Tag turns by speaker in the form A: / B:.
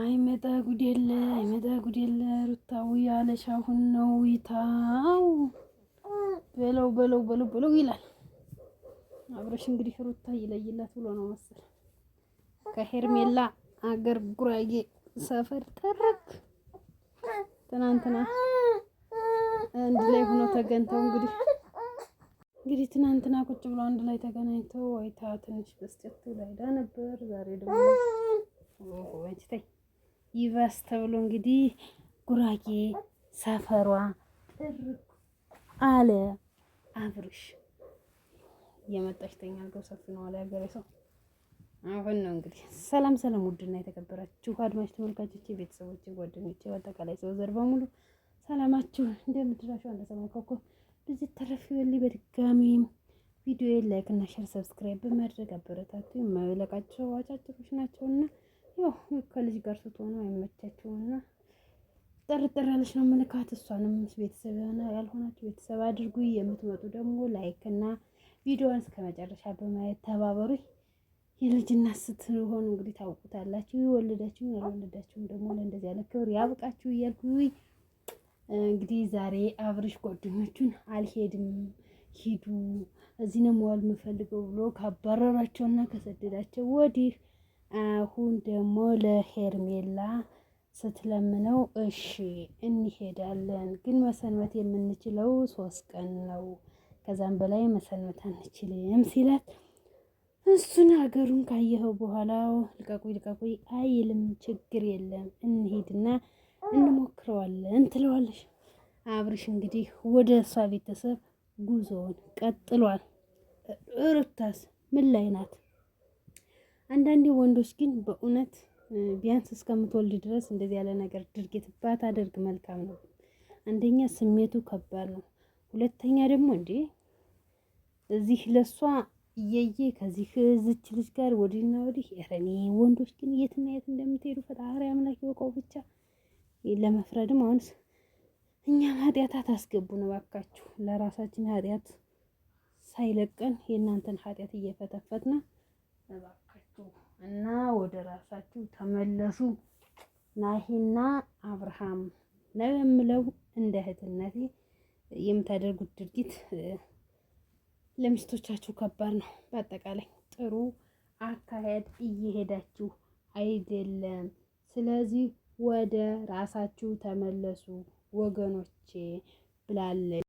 A: አይ መጣ ጉዴለ አይ መጣ ጉዴለ ሩታው ያለሽ አሁን ነው ይታው በለው በለው በለው በለው ይላል አብረሽ እንግዲህ ሩታ ይለይላት ብሎ ነው መሰል ከሄርሜላ አገር ጉራጌ ሰፈር ተረክ ትናንትና አንድ ላይ ሆኖ ተገንተው እንግዲህ እንግዲህ ትናንትና ቁጭ ብሎ አንድ ላይ ተገናኝተው ወይታ ትንሽ በስጨት ላይዳ ነበር ዛሬ ደግሞ ይባስ ተብሎ እንግዲህ ጉራጌ ሰፈሯ ጥርቅ አለ። አብርሽ የመጣሽ ተኛ አድርገው ሰፊ ነው አለ ያገሬ ሰው። አሁን ነው እንግዲህ ሰላም ሰላም፣ ውድና የተከበራችሁ አድማጭ ተመልካቾች፣ ቤተሰቦች፣ ጓደኞች፣ በአጠቃላይ ሰው ዘር በሙሉ ሰላማችሁ እንደምትራሹ አንተ ሰማይ ኮኮብ ብዙ ተረፍ ይበልኝ። በድጋሚ ቪዲዮ ላይክ እና ሼር ሰብስክራይብ በማድረግ አበረታቱ። የማይለቃቸው አጫጭሮች ናቸውና ያው ከልጅ ጋር ስትሆኑ አይመቻችሁና ጥርጥር ያለች ነው ምልካት። እሷንም ቤተሰብ ያልሆናችሁ ቤተሰብ አድርጉ። የምትመጡ ደግሞ ላይክ እና ቪዲዮን እስከ መጨረሻ በማየት ተባበሩ። የልጅነት ስትሆኑ እንግዲህ ታውቁታላችሁ። የወለዳችሁም ያልወለዳችሁም ደግሞ ለእንደዚህ ያለ ክብር ያብቃችሁ እያልኩ እንግዲህ ዛሬ አብርሽ ጓደኞቹን አልሄድም ሂዱ እዚህ ነው መዋል የምፈልገው ብሎ ካባረራቸውና ከሰደዳቸው ወዲህ አሁን ደግሞ ለሄርሜላ ስትለምነው እሺ እንሄዳለን፣ ግን መሰንበት የምንችለው ሶስት ቀን ነው፣ ከዛም በላይ መሰንበት አንችልም ሲላት እሱን ሀገሩን ካየኸው በኋላ ልቀቁኝ ልቀቁኝ አይልም። ችግር የለም እንሄድና እንሞክረዋለን ትለዋለሽ። አብርሽ እንግዲህ ወደ እሷ ቤተሰብ ጉዞውን ቀጥሏል። ሩታስ ምን ላይ ናት? አንዳንዴ ወንዶች ግን በእውነት ቢያንስ እስከምትወልድ ድረስ እንደዚህ ያለ ነገር ድርጊት ባታደርግ መልካም ነው። አንደኛ ስሜቱ ከባድ ነው። ሁለተኛ ደግሞ እንዴ እዚህ ለእሷ እየዬ ከዚህ ዝች ልጅ ጋር ወዲህና ወዲህ ረኔ ወንዶች ግን የትና የት እንደምትሄዱ ፈጣሪ አምላክ ይወቀው። ብቻ ለመፍረድም አሁን እኛም ኃጢአታት አስገቡ ነው ባካችሁ። ለራሳችን ኃጢአት ሳይለቀን የእናንተን ኃጢአት እየፈተፈትና ራሳችሁ እና ወደ ራሳችሁ ተመለሱ። ናሂና አብርሃም ነው የምለው እንደ እህትነቴ የምታደርጉት ድርጊት ለሚስቶቻችሁ ከባድ ነው። በአጠቃላይ ጥሩ አካሄድ እየሄዳችሁ አይደለም። ስለዚህ ወደ ራሳችሁ ተመለሱ ወገኖቼ ብላለች።